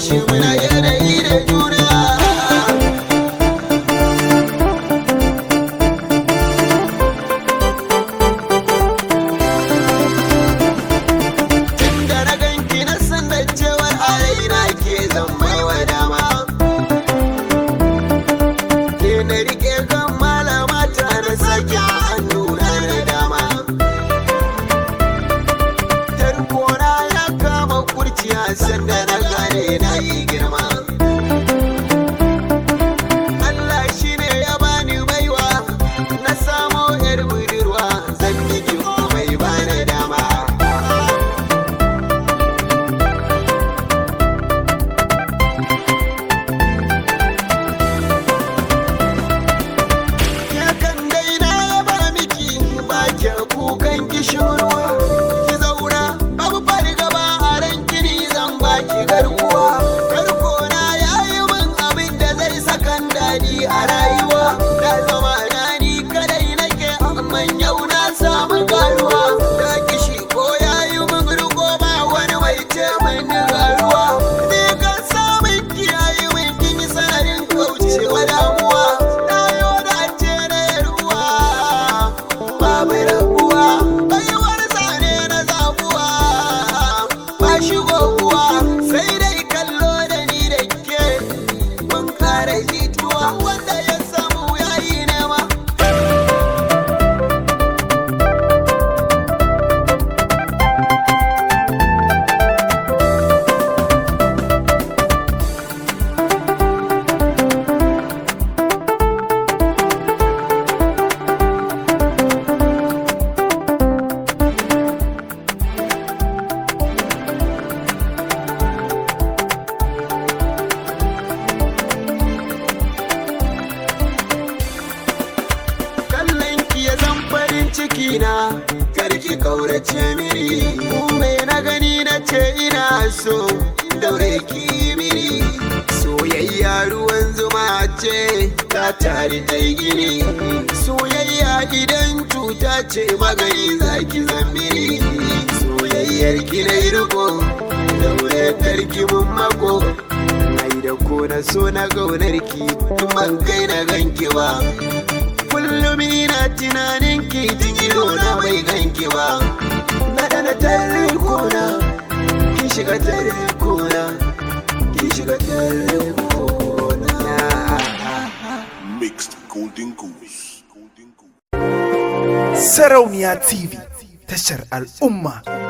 shi muna yanayi da juna tun da na ganki na san da cewar a ke zan baiwa dama ke rayuwa na zama ni kadai nake amma yau na samu karuwa ta kishi ko yayi min riko ba wani mai ce min garuwa ni kan samun kiyaye min kin kauce wa damuwa na da ce na ruwa babu rabuwa ina karki kaurace miri mai na gani na ce ina so daure ki miri soyayya ruwan zuma ce ta tare ta gini soyayya idan cuta ce magani zaki zambiri soyayyar ki na riko daure karki mun mako ai da ko na so na gaunar ki man kai na ganki ba kullum ina tunanin ki jigiro na bai ganki ba na dana tare kona ki shiga tare kona ki shiga tare kona mixed golden goose sarauniya tv tashar al'umma